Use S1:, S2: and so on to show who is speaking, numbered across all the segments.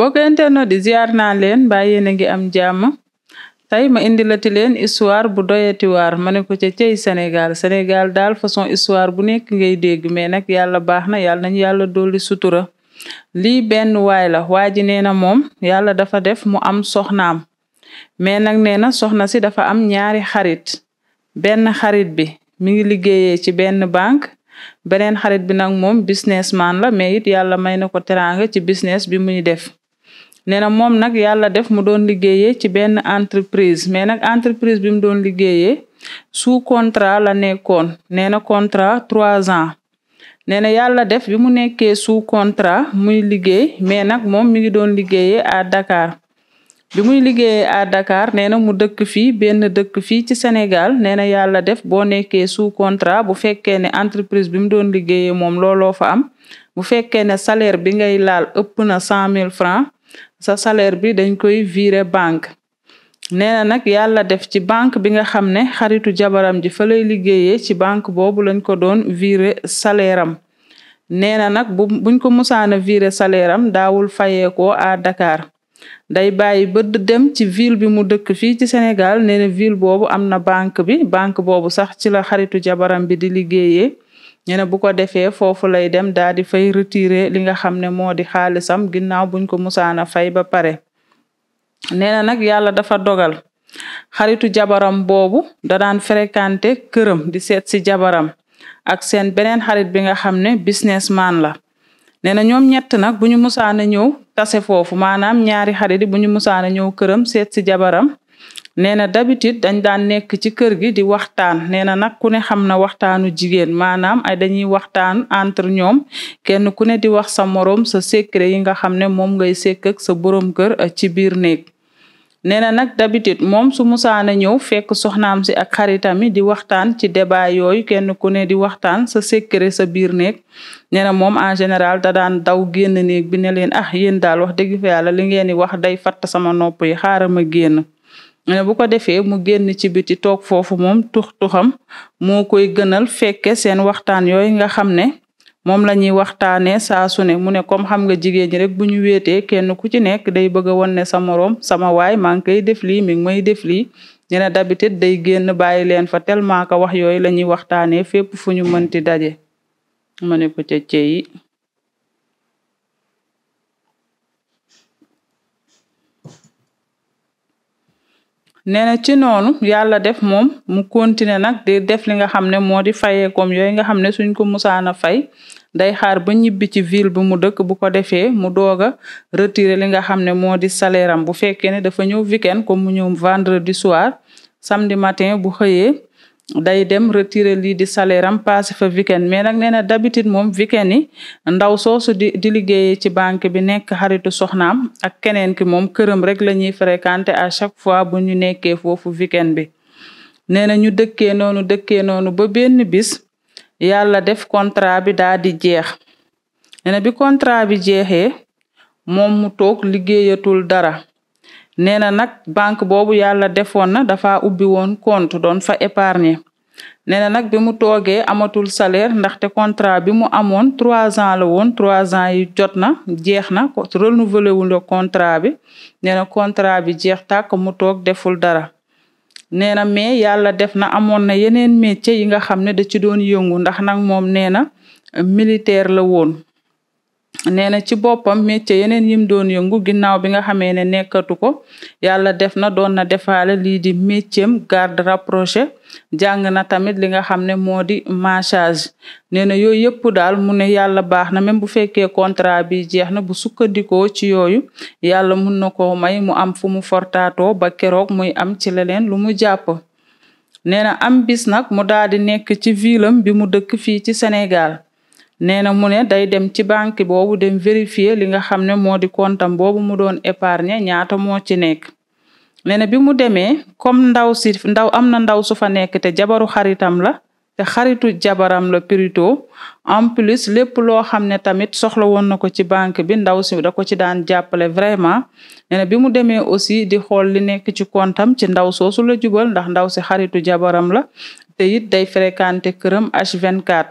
S1: mbokk internet di ziar naa leen mbaa yéen a ngi am jàmm tey ma indilati leen histoire bu doyati tiwar ma ne ko ca cey Sénégal Sénégal daal façon histoire bu nekk ngay dégg mais nag yàlla baax na yàlla nañu yàlla dolli sutura lii benn waay la waa ji nee na moom yàlla dafa def mu am soxnaam mais nag nee na soxna si dafa am ñaari xarit benn xarit bi mi ngi liggéeyee ci benn banque beneen xarit bi nag moom businessman la mais it yàlla may na ko teraanga ci business bi muy def nee na moom nag yàlla def mu doon liggéeyee ci benn entreprise mais nag entreprise bi mu doon liggéeyee sous contrat la nekkoon nee na contrat trois ans nee na yàlla def bi mu nekkee sous contrat muy liggéey mais nag moom mi ngi doon liggéeyee à Dakar bi muy liggéeyee à Dakar nee na mu dëkk fii benn dëkk fii ci Sénégal nee na yàlla def boo nekkee sous contrat bu fekkee ne entreprise bi mu doon liggéeyee moom looloo fa am bu fekkee ne salaire bi ngay laal ëpp na cent mille francs sa salaire bi dañ koy virer banque nee na nag yàlla def ci banque bi nga xam ne xaritu jabaram ji fa lay liggéeyee ci banque boobu lañ ko doon virer salaire am nee na nag bu buñ ko musaana virer salaire am daawul fayeekoo à Dakar day bàyyi ba dem ci ville bi mu dëkk fii ci senegal nee ville boobu am na banque bi banque boobu sax ci la xaritu jabaram bi di liggéeyee ñu ne bu ko defee foofu lay dem daal di fay retirer li nga xam ne moo di xaalisam ginnaaw buñ ko musaana fay ba pare nee na nag yàlla dafa dogal xaritu jabaram boobu da daan fréquenter këram di seet si jabaram ak seen beneen xarit bi nga xam ne businessman la nee na ñoom ñett nag bu ñu musaana ñëw tase foofu maanaam ñaari xarit yi bu ñu musaana ñëw këram seet si jabaram nee na d'habitude dañ daan nekk ci kër gi di waxtaan nee na nag ku ne xam na waxtaanu jigéen maanaam ay dañuy waxtaan entre ñoom kenn ku ne di wax sa moroom sa secret yi nga xam ne moom ngay sekk sa borom kër eh, ci biir néeg nee na nag d'habitude moom su musaana ñëw fekk soxnaam si ak xaritami di waxtaan ci débat yooyu kenn ku ne di waxtaan sa secret sa biir néeg nee na moom en général da daan daw génn néeg bi ne leen ah yéen daal wax dëgg fa yàlla li ngeen di wax day fatt sama nopp yi xaaral ma génn bu ko defee mu génn ci biti toog foofu moom tux tuxam moo koy gënal fekke seen waxtaan yooyu nga xam ne moom la ñuy waxtaanee saa su ne mu ne comme xam nga jigéen ñi rek bu ñu wéetee kenn ku ci nekk day bëgg a ne sa moroom sama waay maa ngi koy def lii mi ngi may def lii ñu ne d'habitude day génn bàyyi leen fa tellement que wax yooyu la ñuy waxtaanee fépp fu ñu mënti daje ma ne ko nee na ci noonu yàlla def moom mu continuer nag di def li nga xam ne moo di fayee koom yooyu nga xam ne suñ ko musaana fay day xaar ba ñibbi ci ville bu mu dëkk bu ko defee mu doog a retirer li nga xam ne moo di salaire bu fekkee ne dafa ñëw weekend comme mu ñëw vendredi soir samedi matin bu xëyee day dem retirer lii di salaire am passé fa weekend mais nag nee na d'habitude moom weekend yi ndaw soosu di di liggéeyee ci banque bi nekk xaritu soxnaam ak keneen ki moom këram rek la ñuy fréquenter à chaque fois bu ñu nekkee foofu weekend bi nee na ñu dëkkee noonu dëkkee noonu ba benn bis yàlla def contrat bi daal di jeex nee bi contrat bi jeexee moom mu toog liggéeyatul dara nee na nag banque boobu yàlla defoon na dafa ubbi woon compte doon fa épargner nee na nag bi mu toogee amatul salaire ndaxte contrat bi mu amoon trois ans la woon trois ans yi jot na jeex na renouvelé wul contrat bi nee na contrat bi jeex tàkk mu toog deful dara nee na mais yàlla def na amoon na yeneen métier yi nga xam ne da ci doon yëngu ndax nag moom nee na militaire la woon nee na ci boppam métier yeneen yim doon yëngu ginnaaw bi nga xamee ne nekkatu ko yàlla def na doon na defaale lii di métier am garde rapproché jàng na tamit li nga xam ne moo di massage nee na yooyu yëpp daal mu ne yàlla baax na même bu fekkee contrat bi jeex na bu sukkandikoo ci yooyu yàlla mun na ko may mu am fu mu fortaatoo ba keroog muy am ci leneen lu mu jàpp nee am bis nag mu daal nekk ci vilam bi mu dëkk fii ci Sénégal nee na mu ne day dem ci banque boobu dem vérifié li nga xam ne moo di kontam boobu mu doon épargne ñaata moo ci nekk nee na bi mu demee comme ndaw si ndaw am na ndaw su fa nekk te jabaru xaritam la te xaritu jabaram la plutôt en plus lépp loo xam ne tamit soxla woon na ko ci banque bi ndaw si da ko ci daan jàppale vraiment nee na bi mu demee aussi di xool li nekk ci kontam ci ndaw soosu la jubal ndax ndaw si xaritu jabaram la te it day fréquenter këram H24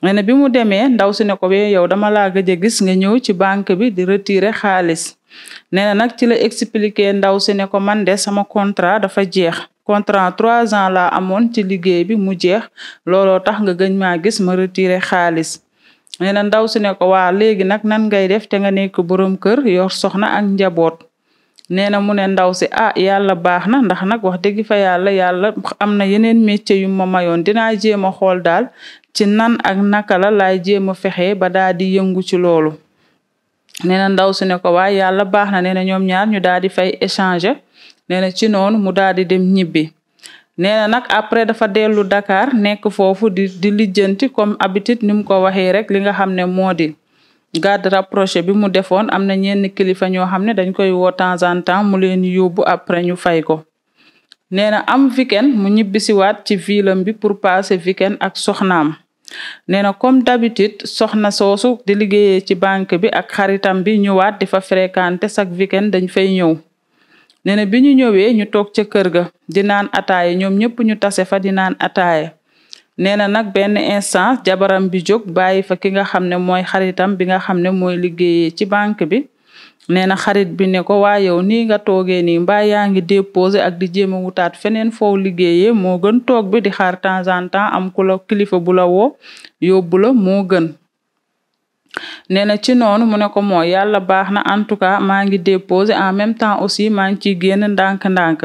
S1: nee na bi mu demee ndaw si ne ko be yow dama laa gëj gis nga ñëw ci banque bi di retirer xaalis nee na nag ci la expliquer ndaw si ne ko man de sama contrat dafa jeex contrat trois ans laa amoon ci liggéey bi mu jeex looloo tax nga gëj maa gis ma retirer xaalis nee na ndaw si ne ko waa léegi nag nan ngay def te nga nekk borom kër yor soxna ak njaboot nee na mu ne ndaw si ah yàlla baax na ndax nag wax dëgg fa yàlla yàlla am na yeneen métier yu ma mayoon dinaa jéem a xool daal ci nan ak naka la laay jéem a fexe ba daa di yëngu ci loolu nee na ndaw si ne ko waaye yàlla baax na nee na ñoom ñaar ñu daal di fay échanger nee na ci noonu mu daal di dem ñibbi. nee na nag après dafa dellu Dakar nekk foofu di di lijjanti comme habitude ni mu ko waxee rek li nga xam ne moo di garde rapproché bi mu defoon am na ñenn kilifa ñoo xam ne dañ koy woo temps en temps mu leen yóbbu après ñu fay ko. nee na am weekend mu ñibbisiwaat ci vilam bi pour passer weekend ak soxnaam nee na comme d'habitude soxna soosu di liggéeyee ci banque bi ak xaritam bi ñëwaat di fa fréquenter chaque weekend dañ fay ñëw nee na bi ñu ñëwee ñu toog ca kër ga di naan ataaye ñoom ñëpp ñu tase fa di naan ataaye nee na nag benn instant jabaram bi jóg bàyyi fa ki nga xam ne mooy xaritam bi nga xam ne mooy liggéeyee ci banque bi nee na xarit bi ne ko waa yow nii nga toogee nii mbaa yaa ngi déposé ak di jéem a wutaat feneen foo liggéeyee moo gën toog bi di xaar temps en temps am ku la kilifa bu la woo yóbbu la moo gën nee na ci noonu mu ne ko moo yàlla baax na en tout cas maa ngi déposé en même temps aussi maa ngi ciy génn ndànk-ndànk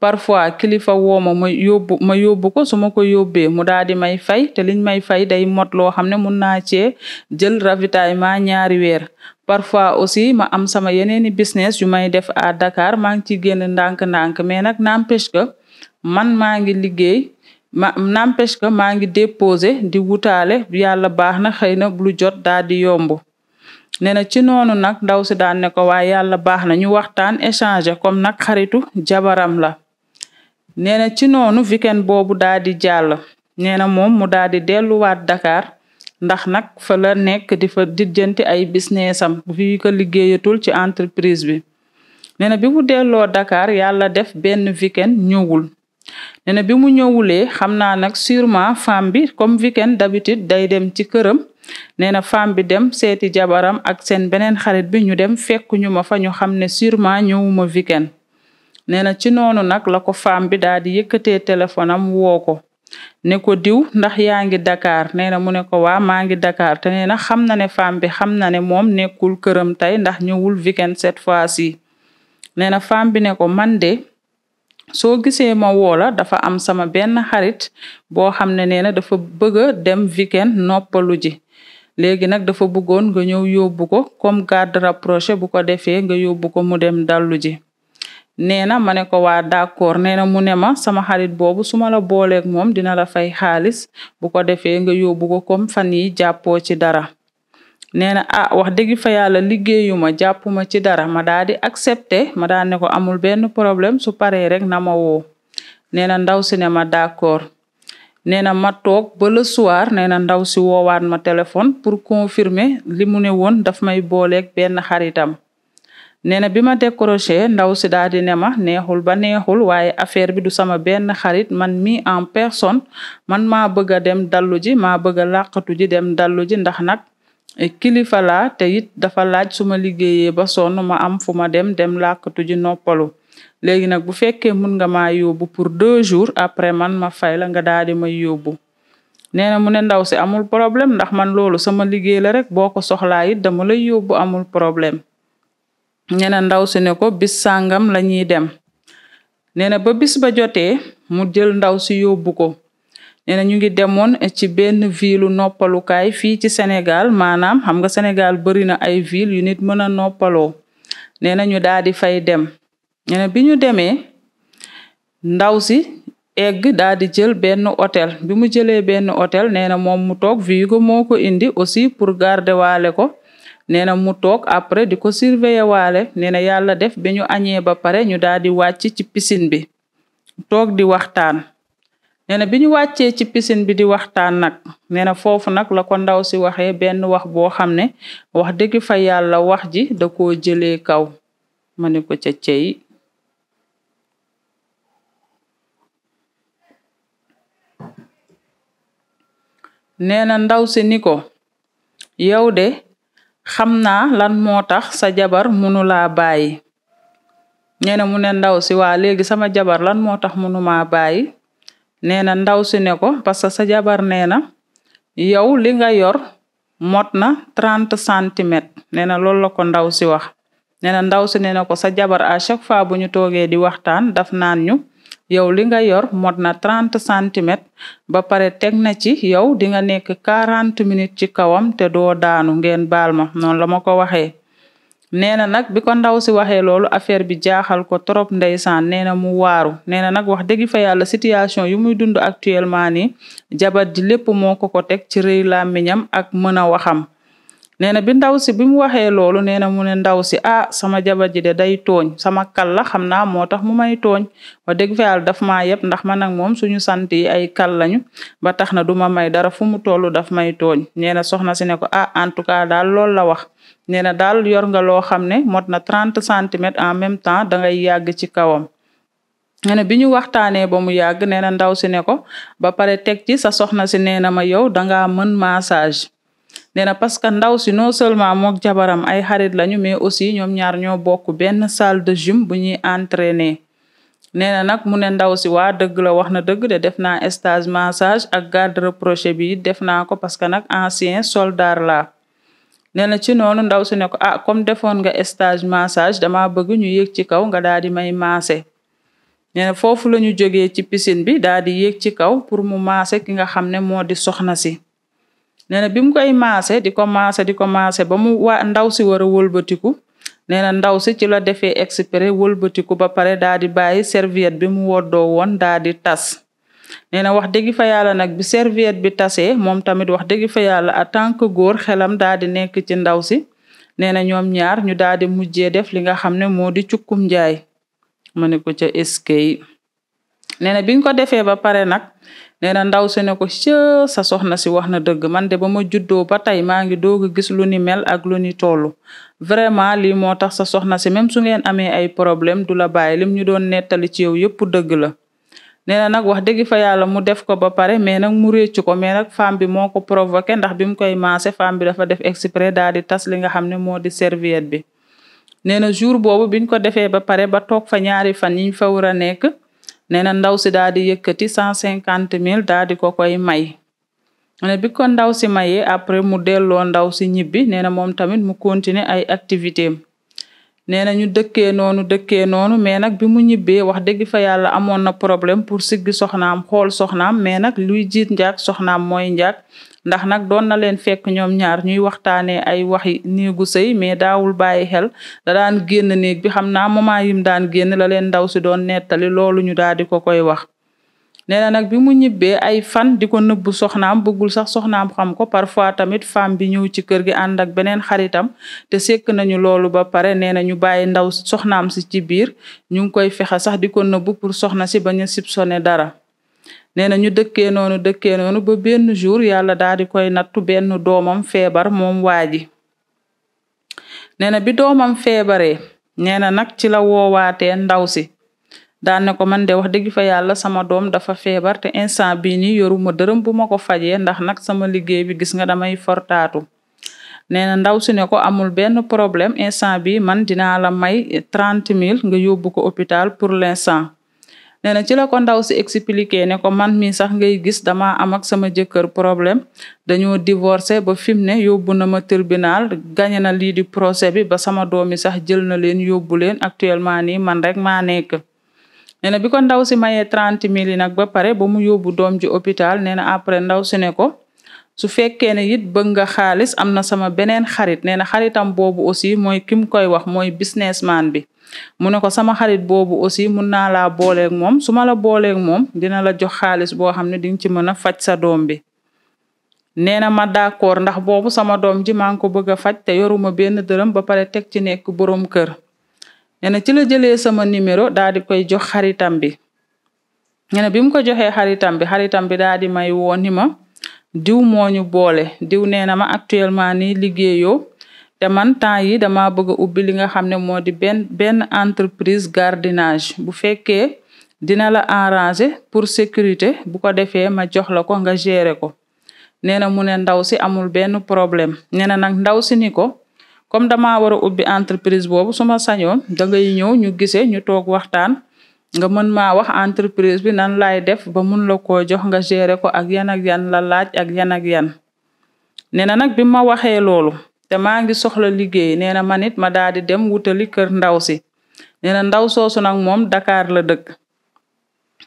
S1: parfois kilifa woo ma ma yóbbu ma yóbbu ko su ma ko yóbbee mu daal di may fay te liñ may fay day mot loo xam ne mun naa cee jël ravitaillement ñaari weer parfois aussi ma am sama yeneeni business yu may def à Dakar maa ngi ciy génn ndànk-ndànk mais nag n'empêche que man maa ngi liggéey ma n'empêche que maa ngi déposer di wutaale yàlla baax na xëy na lu jot daal di yomb nee na ci noonu nag ndaw si daan ne ko waaye yàlla baax na ñu waxtaan échanger comme nag xaritu jabaram la nee na ci noonu weekend boobu daa di jàll nee na moom mu daa di delluwaat Dakar ndax nag fa la nekk di fa dijjanti ay business am liggéeyatul ci entreprise bi nee na bi mu delloo Dakar yàlla def benn weekend ñëwul nee na bi mu ñëwulee xam naa nag sûrement femme bi comme weekend d'habitude day dem ci këram nee na femme bi dem seeti jabaram ak seen beneen xarit bi ñu dem fekk ñu ma fa ñu xam ne sûrement ñëwuma weekend nee na ci noonu nag la ko femme bi daal di yëkkatee téléphone woo ko ne ko diw ndax yaa ngi Dakar nee na mu ne ko waa maa ngi Dakar te nee na xam na ne femme bi xam na ne moom nekkul këram tey ndax ñëwul weekend cette fois si nee na femme bi ne ko man de soo gisee ma wola dafa am sama benn xarit boo xam ne nee na dafa bëgg a dem weekend noppalu ji léegi nag dafa bëggoon nga ñëw yóbbu ko comme garde rapproché bu ko defee nga yóbbu ko mu dem dallu ji nee na ma ne ko waa d'accord nee na mu ne ma sama xarit boobu su ma la booleeg moom dina la fay xaalis bu ko defee nga yóbbu ko comme fan yi jàppoo ci dara nee na ah wax dëgg fa yàlla liggéeyu ma jàppuma ci dara ma daa di accepté ma daa ko amul benn problème su paree rek na ma woo nee na ndaw si ne ma d'accord nee na ma toog ba le soir nee na ndaw si woowaat ma téléphone pour confirmer li mu ne woon daf may booleeg benn xaritam nee na bi ma décroché ndaw si daal di ne ma neexul ba neexul waaye affaire bi du sama benn xarit man mi en personne man maa bëgg a dem dallu ji maa bëgg a làqatu ji dem dallu ji ndax nag eh, kilifa laa te it dafa laaj su ma liggéeyee ba sonn ma am fu ma dem dem làqatu ji noppalu léegi nag bu fekkee mun nga maa yóbbu pour deux jours après man ma fay la nga daal di may yóbbu nee na mu ne ndaw si amul problème ndax man loolu sama liggéey la rek boo ko soxlaa it dama lay yóbbu amul problème nee ndaw si ne ko bis sàngam la dem nee na ba bis ba jotee mu jël ndaw si yóbbu ko nee na ñu ngi demoon ci benn ville noppalukaay fii ci Sénégal maanaam xam nga Sénégal bëri na ay ville yu nit mën a noppaloo nee na ñu daal di fay dem nee na bi ñu demee ndaw si egg daal di jël benn hôtel bi mu jëlee benn hôtel nee na moom mu toog viigo moo ko indi aussi pour garder waale ko nee na mu toog après di ko surveiller waale nee na yàlla def ba ñu añee ba pare ñu daal di wàcc ci piscine bi toog di waxtaan nena na bi ñu wàccee ci piscine bi di waxtaan nag nee na foofu nag la ko ndaw si waxe benn wax boo xam ne wax dëgg fa yàlla wax ji da koo jëlee kaw ma ne ko ca cey nee na ndaw si ni ko de xam naa lan moo tax sa jabar munulaa bàyyi nee na mu ne ndaw si waa léegi sama jabar lan moo tax munumaa bàyyi nee na ndaw si ne ko parce que sa jabar nee na yow li nga yor mot na trente centimètres nee na loolu la ko ndaw si wax nee na ndaw si nee na ko sa jabar à chaque fois bu ñu toogee di waxtaan daf naan ñu yow li nga yor mot na trente centimètres ba pare teg na ci yow di nga nekk quarante minutes ci kawam te doo daanu ngeen baal ma noonu la ma ko waxee. nee na nag bi ko ndaw si waxee loolu affaire bi jaaxal ko trop ndeysaan nee na mu waaru nee na nag wax dëgg fa yàlla situation yu muy dund actuellement nii jabar ji lépp moo ko ko teg ci rëy làmmiñam ak mën a waxam. nee na bi ndaw si bi mu waxee loolu nee na mu ne ndaw si ah sama jabar ji de day tooñ sama kal la xam naa moo tax mu may tooñ wa dëgg fa yàlla daf maa yëpp ndax ma ak moom suñu sant yi ay kal lañu ba tax na du ma may dara fu mu toll daf may tooñ nee na soxna si ne ko ah en tout cas daal loolu la wax nee na daal yor nga loo xam ne mot na trente centimètres en même temps dangay yàgg ci kawam nee na bi ñu waxtaanee ba mu yàgg nee na ndaw si ne ko ba pare teg ci sa soxna si nee na ma yow dangaa mën massage nee na parce que ndaw si no seulement moog jabaram ay xarit lañu mais aussi ñoom ñaar ñoo bokk benn salle de gym bu ñuy entraîner. nee na nag mu ne ndaw si waa dëgg la wax na dëgg de def naa stage massage ak garde rapprochée bi def naa ko parce que nag ancien soldat la nee na ci noonu ndaw si ne ko ah comme defoon nga stage massage dama bëgg ñu yéeg ci kaw nga daal di may maase. nee foofu la ñu jógee ci piscine bi daal di yéeg ci kaw pour mu maase ki nga xam ne moo di soxna si. nee na bi mu koy maase di ko maase di ko maase ba mu waa ndaw si war a wëlbatiku nee na ndaw si ci la defee exprès wëlbatiku ba pare daa di bàyyi serviette bi mu woddoo woon daa di tas nee na wax dëgg fa yàlla nag bi serviette bi tasee moom tamit wax dëgg fa yàlla en tant que góor xelam daa di nekk ci ndaw si nee na ñoom ñaar ñu daa di mujjee def li nga xam ne moo di cukkum njaay ne ko ca eskay nee na biñ ba pare nag nee na ndaw si ne ko ca sa soxna si wax na dëgg man de ba ma juddoo ba tey maa ngi doog a gis lu ni mel ak lu ni toll vraiment lii moo tax sa soxna si même su ngeen amee ay problème du la bàyyi lim ñu doon nettali ci yow yëpp dëgg la nee na nag wax dëgg fa yàlla mu def ko ba pare mais nag mu réccu ko mais nag femme bi moo ko provoqué ndax bi mu koy maase femme bi dafa def exprès daal di tas li nga xam ne moo di servier bi nee na jour boobu biñ ko defee ba pare ba toog fa ñaari fan yiñ fa war a nekk nee na ndaw si daal di yëkkati cent cinquante mille daal di ko koy may ne bi ko ndaw si mayee après mu delloo ndaw si ñibbi nee na moom tamit mu continuer ay activité am nee na ñu dëkkee noonu dëkkee noonu mais nag bi mu ñibbee wax dëgg fa yàlla amoon na problème pour siggi soxnaam xool soxnaam mais nag luy jiit njaag soxnaam mooy njaag ndax nag doon na leen fekk ñoom ñaar ñuy waxtaanee ay waxi néegu sëy mais daawul bàyyi xel da daan génn néeg bi xam naa moment yim daan génn la leen ndaw si doon nettali loolu ñu daal di ko koy wax nee na nag bi mu ñibbee ay fan di ko nëbbu soxnaam bëggul sax soxnaam xam ko parfois tamit femme bi ñëw ci kër gi ànd ak beneen xaritam te sekk nañu loolu ba pare nee na ñu bàyyi ndaw soxnaam si ci biir ñu ngi koy fexe sax di ko nëbbu pour soxna si bañ a soupçonner dara nee na ñu dëkkee noonu dëkkee noonu ba benn jour daal di koy nattu benn doomam feebar moom waa ji nee na bi doomam feebaree nee na nag ci la woowaatee ndaw si daan ne ko man de wax dëgg fa yàlla sama doom dafa feebar te instant bii nii yoruma dërëm bu ma ko fajee ndax nag sama liggéey bi gis nga damay fortaatu nee na ndaw si ne ko amul benn problème instant bi man dinaa la may trente mille nga yóbbu ko hôpital pour l'instant nee na ci la ko ndaw si expliqué ne ko man mi sax ngay gis dama am ak sama jëkkër problème dañoo divorcé ba fi mu ne yóbbu na ma tribunal gagné na lii di procès bi ba sama doom yi sax jël na leen yóbbu leen actuellement nii man rek maa nekk. nee na bi ko ndaw si mayee trente mille nag ba pare ba mu yóbbu doom ji hôpital nee na après ndaw si ne ko. su fekkee ne it bëgg nga xaalis am na sama beneen xarit nee na xaritam boobu aussi mooy ki mu koy wax mooy businessman bi mu ne ko sama xarit boobu aussi mun naa laa booleeg moom su ma la booleeg moom dina la jox xaalis boo xam ne dinga ci mën a faj sa doom bi nee na ma d'accord ndax boobu sama doom ji maa ngi ko bëgg a faj te yoruma benn dërëm ba pare teg ci nekk boroom kër nee na ci la jëlee sama numéro daal di koy jox xaritam bi nee na bi mu ko joxee xaritam bi xaritam bi daal di may woo ni ma diw moo ñu boole diw nee na ma actuellement ni liggéeyoo te man temps yi dama bëgg a ubbi li nga xam ne moo di benn benn entreprise gardinage bu fekkee dina la arranger pour sécurité bu ko defee ma jox la ko nga gérer ko nee na mu ne ndaw si amul benn problème nee na nag ndaw si ni ko comme dama war a ubbi entreprise boobu su ma sañoon da ngay ñëw ñu gisee ñu toog waxtaan nga mën maa wax entreprise bi nan laay def ba mun la ko jox nga gérer ko ak yan yan la laaj ak yanag yan nee na nag bi ma waxee loolu te maa ngi soxla liggéey nee na man ma daal di dem wutali kër ndaw si nee ndaw soosu nag moom Dakar la dëkk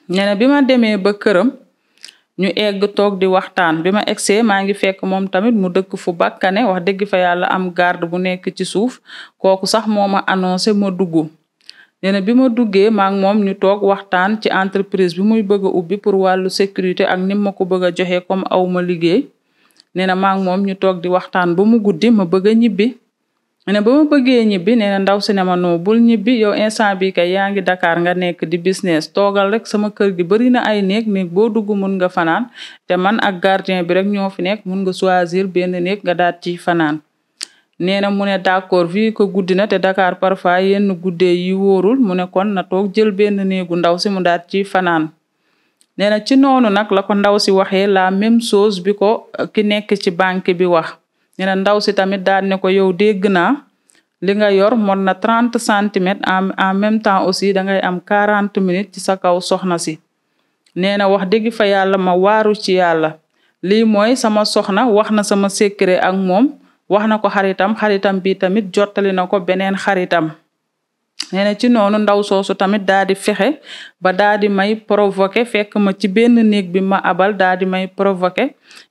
S1: nee na bi ma demee ba këram ñu egg toog di waxtaan bi ma egsee maa ngi fekk moom tamit mu dëkk fu bakkane wax dëgg fa yàlla am garde bu nekk ci suuf kooku sax moo ma annoncé ma dugg nee na bi ma duggee maak moom ñu toog waxtaan ci entreprise bi muy bëgg ubbi pour wàllu sécurité ak ni ma ko bëgg a joxe comme awuma ma liggéey nee na maak moom ñu toog di waxtaan ba mu guddi ma bëgg a ñibbi. nee na ba ma bëggee ñibbi nee ndaw si ne bul ñibbi yow instant bi kay yaa ngi Dakar nga nekk di business toogal rek sama kër gi bari na ay néeg néeg boo dugg mun nga fanaan te man ak gardien bi rek ñoo fi nekk mun nga choisir benn néeg nga daat ci fanaan. nee na mu ne d'accord fii ko guddi na te Dakar parfois yenn guddee yi wóorul mu ne kon na toog jël benn néegu ndaw si mu daat ci fanaan nee na ci noonu nag la ko ndaw si waxee la même chose bi ko euh, ki nekk ci banque bi wax nee na ndaw si tamit daal ne ko yow dégg naa li nga yor mot na trente centimètres en même temps aussi da ngay am quarante minutes ci sa kaw soxna si nee wax dëgg fa yàlla ma waaru ci yàlla lii mooy sama soxna wax na sama secret ak moom wax na ko xaritam xaritam bi tamit jottali na ko beneen xaritam nee na ci noonu ndaw soosu tamit daa di fexe ba daa di may provoqué fekk ma ci benn néeg bi ma abal daa di may provoqué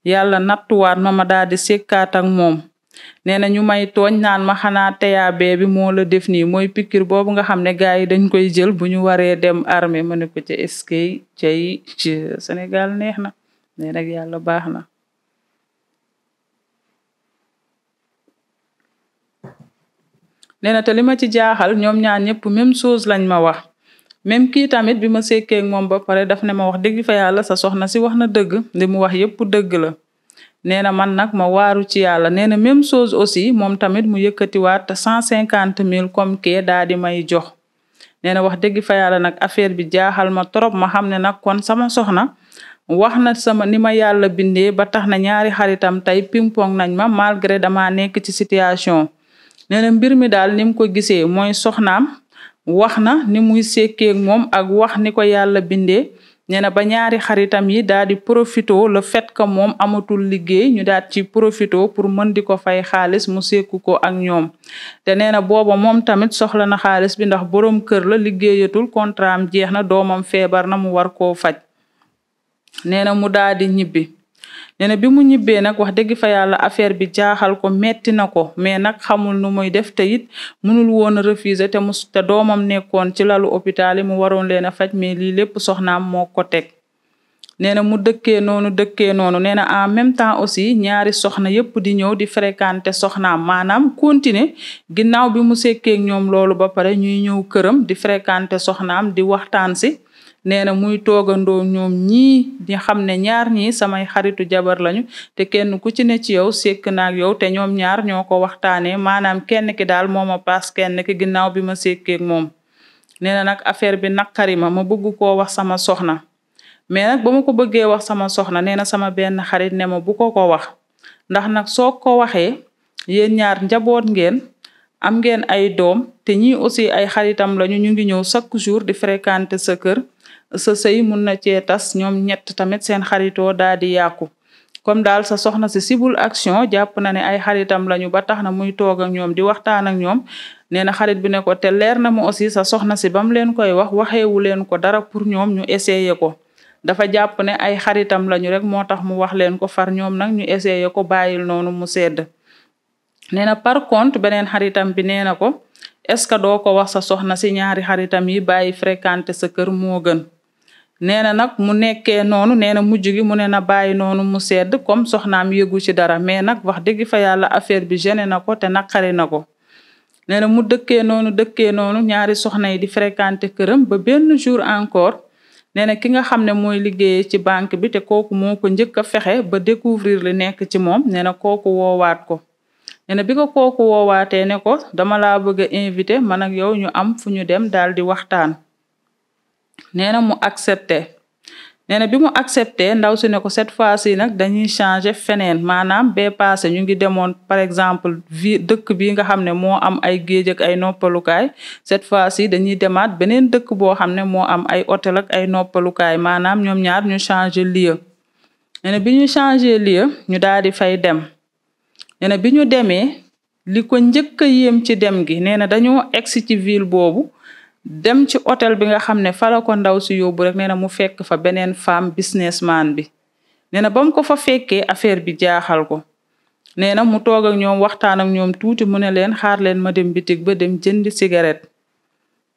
S1: yàlla nattuwaat ma ma daa di sekkaat ak moom nee na ñu may tooñ naan ma xanaa TAB bi moo la def nii mooy piqûre boobu nga xam ne gars yi dañ koy jël bu ñu waree dem armée ma ne ko ca Sénégal neex na nee nag yàlla baax na nee na te li ma ci jaaxal ñoom ñaar ñëpp même chose lañ ma wax même kii tamit bi ma sekkee moom ba pare daf ne ma wax dëgg fa yàlla sa soxna si wax na dëgg li mu wax yëpp dëgg la nee na man nag ma waaru ci yàlla nee na même chose aussi moom tamit mu yëkkatiwaat cent cinquante mille comme kee daa di may jox nee na wax dëgg fa yàlla nag affaire bi jaaxal ma trop ma xam ne nag kon sama soxna wax na sama ni ma yàlla bindee ba tax na ñaari xaritam tey ping-pong nañ ma malgré dama nekk ci situation nee na mbir mi daal ni mu ko gisee mooy soxnaam wax na ni muy sekkee moom ak wax ni ko yàlla bindee nee ba ñaari xaritam yi daal di profito le fait que moom amatul liggéey ñu daal ci profito pour mën di ko fay xaalis mu sekku ko ak ñoom te nee na booba moom tamit soxla na xaalis bi ndax boroom kër la liggéeyatul contrat am jeex na doomam feebar na mu war koo faj nee mu daal ñibbi nee na bi mu ñibbee nag wax dëgg fa yàlla affaire bi jaaxal ko metti na ko mais nag xamul nu muy def te it mënul woon a refuser te mu te doomam nekkoon ci lalu hôpital yi mu waroon leen a faj mais lii lépp soxnaam moo ko teg. nee na mu dëkkee noonu dëkkee noonu nee na en même temps aussi ñaari soxna yépp di ñëw di fréquenter soxnaam maanaam continuer ginnaaw bi mu sekkee ñoom loolu ba pare ñuy ñëw këram di fréquenter soxnaam di waxtaan si. nee na muy toogandoo ñoom ñii ñi xam ne ñaar ñii samay xaritu jabar lañu te kenn ku ci ne ci yow sekk naak yow te ñoom ñaar ñoo ko waxtaanee maanaam kenn ki daal moo ma paas kenn ki ginnaaw bi ma sekkeeg moom nee na nag affaire bi naqari ma ma bëgg koo wax sama soxna mais nag ma ko bëggee wax sama soxna nee na sama benn xarit ne ma bu ko ko wax ndax nag soo ko waxee yéen ñaar njaboot ngeen am ngeen ay doom te ñii aussi ay xaritam lañu ñu ngi ñëw chaque jour di fréquenter sa kër sa sëy mun na cee tas ñoom ñett tamit seen xarito daa di yàqu comme daal sa soxna si sibul action jàpp na ne ay xaritam lañu ba tax na muy toog ak ñoom di waxtaan ak ñoom nee na xarit bi ne ko te leer na mu aussi sa soxna si bam leen koy wax waxewu leen ko dara pour ñoom ñu essayer ko dafa jàpp ne ay xaritam lañu rek moo tax mu wax leen ko far ñoom nag ñu essayer ko bàyyil noonu mu sedd nee na par contre beneen xaritam bi nee na ko est-ce que doo ko wax sa soxna si ñaari xaritam yi bàyyi fréquenter sa kër moo gën nee na nag mu nekkee noonu nee na mujj gi mu ne na bàyyi noonu mu sedd comme soxnaam yëgu ci dara mais nag wax dëgg fa yàlla affaire bi gêné na ko te naqari na ko. nee na mu dëkkee noonu dëkkee noonu ñaari soxna yi di fréquenté këram ba benn jour encore nee na ki nga xam ne mooy liggéeyee ci banque bi te kooku moo ko njëkk fexe ba découvrir le nekk ci moom nee na kooku woowaat ko. nee na bi ko kooku woowaatee ne ko dama laa bëgg a invité man ak yow ñu am fu ñu dem daal di waxtaan. nee na mu accepté nee na bi mu accepté ndaw si ne ko cette fois ci nag dañuy changer feneen maanaam bee passé ñu ngi demoon par exemple vi dëkk bi nga xam ne moo am ay géej ay noppalukaay cette fois ci dañuy demaat beneen dëkk boo xam ne moo am ay hôtel ay noppalukaay maanaam ñoom ñaar ñu changer lieu nee bi ñu changer lieu ñu daal di fay dem nee na bi ñu demee li ko njëkk a yéem ci dem gi nee na dañoo egsi ci ville boobu dem ci hôtel bi nga xam ne fa ko ndaw si yóbbu rek nee na mu fekk fa beneen femme businessman bi nee na ba mu ko fa fekkee affaire bi jaaxal ko nee na mu toog ak ñoom waxtaan ak ñoom tuuti mu ne leen xaar leen ma dem bitig ba dem jëndi cigarette.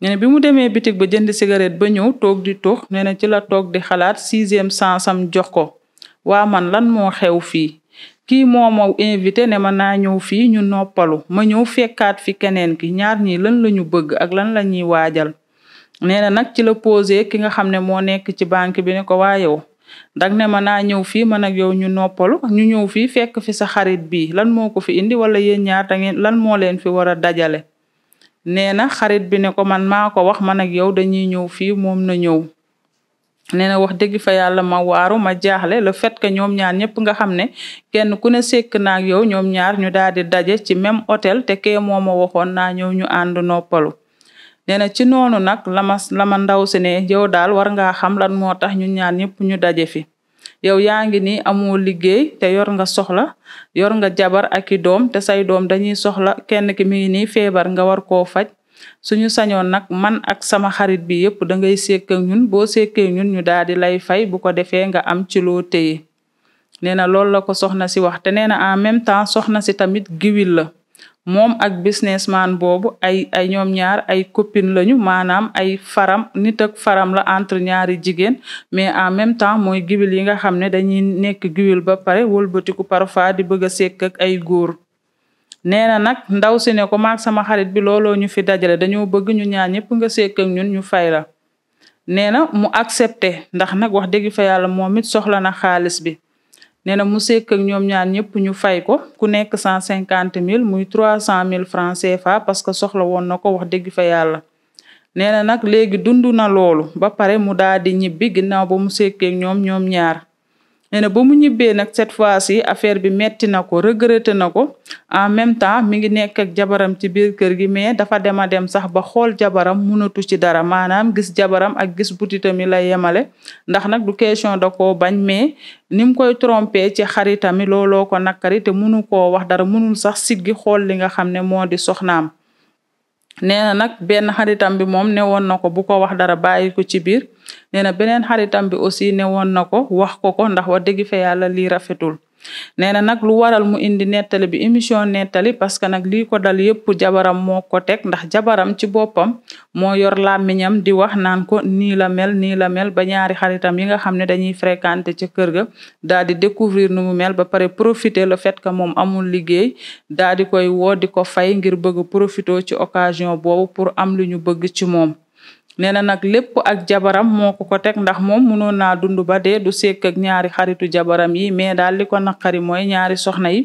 S1: nee na bi mu demee bitig ba jënd cigarette ba ñëw toog di tux nee na ci la toog di xalaat sixième sens am jox ko waa man lan moo xew fii kii moo invité ne ma naa ñëw fii ñu noppalu ma ñëw fekkaat fi keneen ki ñaar ñi lan la ñu bëgg ak lan la ñuy waajal nee na nag ci la posé ki nga xam ne moo nekk ci banque bi ne ko waa yow dag ne ma naa ñëw fii man ak yow ñu noppalu ñu ñëw fii fekk fi sa xarit bi lan moo ko fi indi wala yéen ñaar da ngeen lan moo leen fi war a dajale nee na xarit bi ne ko man maa ko wax man ak yow dañuy ñëw fii moom na ñëw nee na wax dëgg fa yàlla ma waaru ma jaaxle le fait que ñoom ñaar ñëpp nga xam ne kenn ku ne sekk naa yow ñoom ñaar ñu daal di daje ci même hôtel te ke moo ma waxoon naa ñëw ñu ànd noppalu. nee ci noonu nag lama lama ndaw si ne yow daal war ngaa xam lan moo tax ñu ñaar ñëpp ñu daje fi yow yaa ngi nii amoo liggéey te yor nga soxla yor nga jabar ak i doom te say doom dañuy soxla kenn ki mi ngi nii feebar nga war koo faj suñu sañoon nag man ak sama xarit bi yépp da ngay sekk ak ñun boo sekkee ñun ñu daal di lay fay bu ko defee nga am ci loo téye nee na loolu la ko soxna si wax te nee na en même temps soxna si tamit giwil la moom ak businessman boobu ay ay ñoom ñaar ay copine lañu maanaam ay faram nit faram la entre ñaari jigéen mais en même temps mooy giwil yi nga xam ne dañuy nekk giwil ba pare wëlbatiku parfois di bëgg a sekk ak ay góor nee na nag ndaw si ne ko maag sama xarit bi looloo ñu fi dajale dañoo bëgg ñu ñaar ñëpp nga sekk ak ñun ñu fay la. nee na mu accepté ndax nag wax dëgg fa yàlla moom it soxla na xaalis bi nee na mu sekk ñoom ñaar ñëpp ñu fay ko ku nekk cent cinquante mille muy trois cent mille francs CFA parce que soxla woon na ko wax dëgg fa yàlla. nee na nag léegi dund na loolu ba pare mu daal di ñibbi ginnaaw ba mu sekkee ñoom ñoom ñaar nee na ba mu ñibbee nag cette fois ci affaire bi metti na ko regretté na ko en même temps mi ngi nekk ak jabaram ci biir kër gi mais dafa dem a dem sax ba xool jabaram mënatu ci dara maanaam gis jabaram ak gis butitam yi la yemale ndax nag du question da koo bañ mais ni mu koy trompé ci xaritami looloo ko nakari te mënu koo wax dara mënul sax siggi xool li nga xam ne moo di soxnaam nee na nag benn xaritam bi moom ne woon na ko bu ko wax dara bàyyi ko ci biir nee na beneen xaritam bi aussi ne woon na ko wax ko ko ndax wax dëgg fa yàlla lii rafetul nee na nag lu waral mu indi nettali bi émission nettali parce que nag lii ko dal yëpp jabaram moo ko teg ndax jabaram ci boppam moo yor làmmiñam di wax naan ko nii la mel ba ñaari xaritam yi nga xam ne dañuy fréquenter ci kër ga daal di découvrir nu mu mel ba pare profiter le fait que moom amul liggéey daal di koy woo di ko fay ngir bëgg profiter ci occasion boobu pour am lu ñu bëgg ci moom nee na nag lépp ak jabaram moo ko ko teg ndax moom mënoon naa dund ba dee du sek ak ñaari xaritu jabaram yi mais daal li ko naqari mooy ñaari soxna yi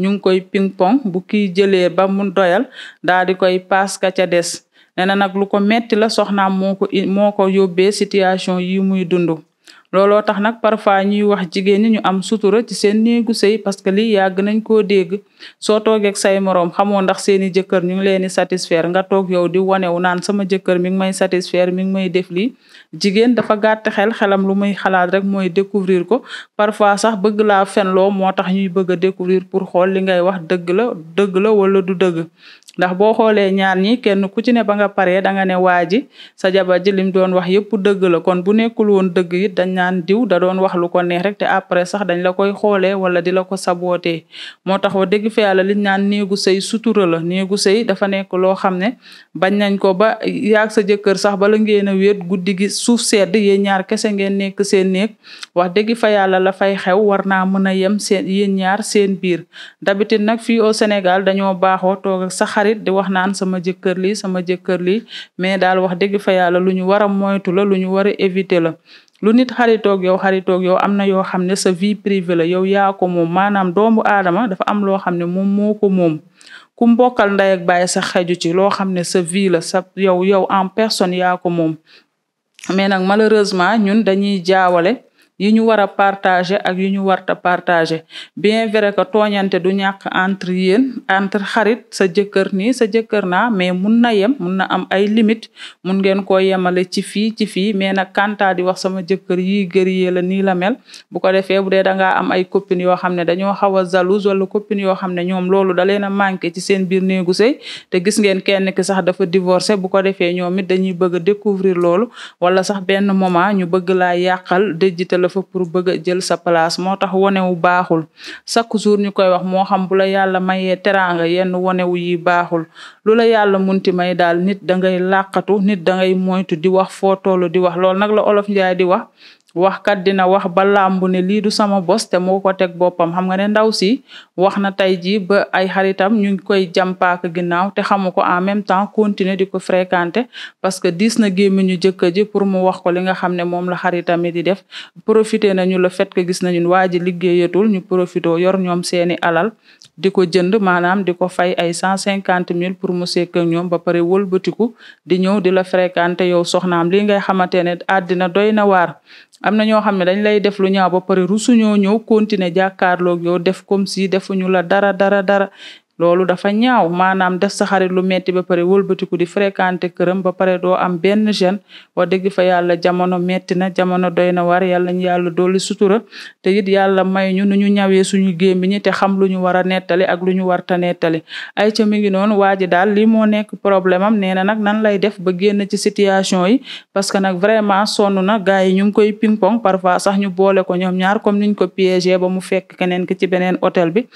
S1: ñu ngi koy ping pong bu kii jëlee ba mun doyal daal di koy paas ka ca des nee na nag lu ko metti la soxnaam moo ko moo ko yóbbee situation yi muy dund looloo tax nag parfois ñuy wax jigéen ñi ñu am sutura ci seen néegu sëy parce que lii yàgg nañ koo dégg soo toogeeg say moroom xamoo ndax seeni jëkkër ñu ngi leen di satisfaire nga toog yow di wonewu naan sama jëkkër mi ngi may satisfaire mi ngi may def lii jigéen dafa gàtt xel xelam lu may xalaat rek mooy découvrir ko parfois sax bëgg laa fenloo moo tax ñuy bëgg a découvrir pour xool li ngay wax dëgg la dëgg la wala du dëgg ndax boo xoolee ñaar ñi kenn ku ci ne ba nga pare da nga ne waa ji sa jabar ji lim doon wax yëpp dëgg la kon bu nekkul woon dëgg it dañ naan diw da doon wax lu ko neex rek te après sax dañ la koy xoolee wala di la ko sabootee moo tax wa dëgg fa yàlla liñ naan néegu sëy sutura la néegu sëy dafa nekk loo xam ne bañ nañ ko ba yaag sa jëkkër sax bala ngeen a wéet guddi gi suuf sedd yéen ñaar kese ngeen nekk seen néeg wax dëgg fa yàlla la fay xew war naa mën a yem seen yéen ñaar seen biir d'habitude nag fii au Sénégal dañoo baaxoo toog ak sa xarit xarit di wax naan sama jëkkër sama jëkkër lii mais daal wax dëgg fa yàlla lu ñu war a moytu la lu ñu war a éviter la lu nit xaritoog yow xaritoog yow am na yoo xam ne sa vie privée la yow yaa ko moom maanaam doomu aadama dafa am loo xam ne moom moo ko moom ku mbokkal ndey ak bàyyi sa xeju ci loo xam ne sa vie la sa yow yow en personne yaa ko moom malheureusement ñun dañuy jaawale yi ñu war a partager ak yu ñu warta partager bien vrai que tooñante du ñàkk entre yéen entre xarit sa jëkkër nii sa jëkkër naa mais mun na yem mun na am ay limite mun ngeen koo yemale ci fii ci fii mais nag kanta di wax sama jëkkër yi gëriyee la nii la mel bu ko defee bu dee dangaa am ay copines yoo xam ne dañoo xaw a jalouse wala copines yoo xam ne ñoom loolu da leen a manqué ci seen biir néegu sëy te gis ngeen kenn ki sax dafa divorcé bu ko defee ñoom it dañuy bëgg a découvrir loolu wala sax benn moment ñu bëgg laa dafa pour bëgg a jël sa place moo tax wu baaxul chaque jour ñu koy wax moo xam bu la yàlla mayee teraanga yenn wu yi baaxul lu la yàlla munti may daal nit da ngay làqatu nit da ngay moytu di wax foo toll di wax loolu nag la olof njaay di wax waxkat dina wax ba làmb ne lii du sama bos te moo ko teg boppam xam nga ne ndaw si wax na tey jii ba ay xaritam ñu ngi koy jàmpaak ginnaaw te xamu ko en même temps continuer di ko fréquenter parce que dis na gémmiñu jëkkër ji pour mu wax ko li nga xam ne moom la xaritam yi di def profité nañu le fait que gis nañu waa ji liggéeyatul ñu profité yor ñoom seeni alal di ko jënd maanaam di ko fay ay cent cinquante mille pour mu sekk ak ñoom ba pare wëlbatiku di ñëw di la fréquenter yow soxnaam lii ngay xamante ne àddina doy na waar am na ñoo xam ne dañ lay def lu ñaaw ba pare rusuñoo ñëw continuer jàkkaarloog yow def comme si defuñu la dara dara dara loolu dafa ñaaw maanaam def sa xarit lu metti ba pare wëlbatiku di fréquenter këram ba pare doo am benn jeune wax dëgg fa yàlla jamono metti na jamono doy na war yàlla ñu yàlla dolli sutura te it yàlla may ñu nu ñu ñawee suñu gémmiñ te xam lu ñu war a nettali ak lu ñu warta nettali ay ca mi ngi noonu waa ji daal lii moo nekk problème am nee na nag nan lay def ba génn ci situation yi parce que nag vraiment sonn na gars yi ñu ngi koy ping pong parfois sax ñu boole ko ñoom ñaar comme niñ ko piégé ba mu fekk keneen ki ci beneen hôtel bi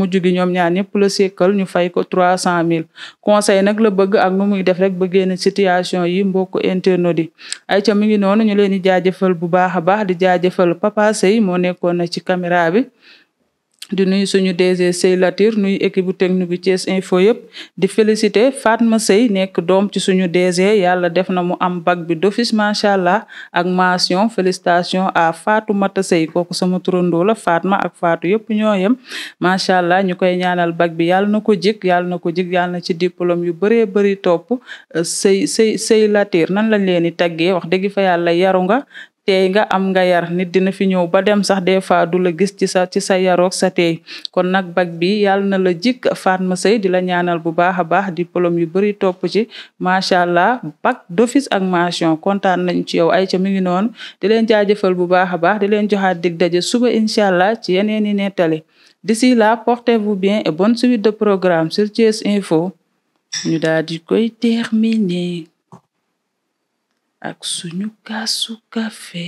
S1: mujj gi ñoom ñaar ñëpp la sekkal ñu fay ko trois cent mille conseil nag la bëgg ak nu muy def rek ba génn situation yi mbokk internet yi ay ca mi ngi noonu ñu leen di jaajëfal bu baax a baax di jaajëfal Papa Sey moo nekkoon na ci caméra bi di nuyu suñu DG Sey Latir nuy équipe bu technique bi Thiès Info yëpp di félicité faat ma Sey nekk doom ci suñu DG yàlla def na mu am bag bi d'office macha allah ak mention félicitation à faatu Mata Sey kooku sama turandoo la ma ak faatu yëpp ñoo yem macha allah ñu koy ñaanal bac bi yàlla na ko jik yàlla na ko jik yàlla ci diplôme yu bëree bëri topp Sey Sey Sey Latir nan lañ leen di taggee wax dëgg fa yàlla yaru nga tey nga am nga yar nit dina fi ñëw ba dem sax des fois du la gis ci sa ci sa yaroog sa tey kon nag bag bi yàlla na la jik Fatma Seye di la ñaanal bu baax a baax diplôme yu bëri topp ci macha allah bak dofis ak mention kontaan nañ ci yow ay ca mi ngi noonu di leen jaajëfal bu baax a baax di leen joxaat dig daje suba incha allah ci yeneen i nettali d'ici là portez-vous bien et bonne suite de programme sur Thiès Info ñu koy terminer ak suñu kaasu kafe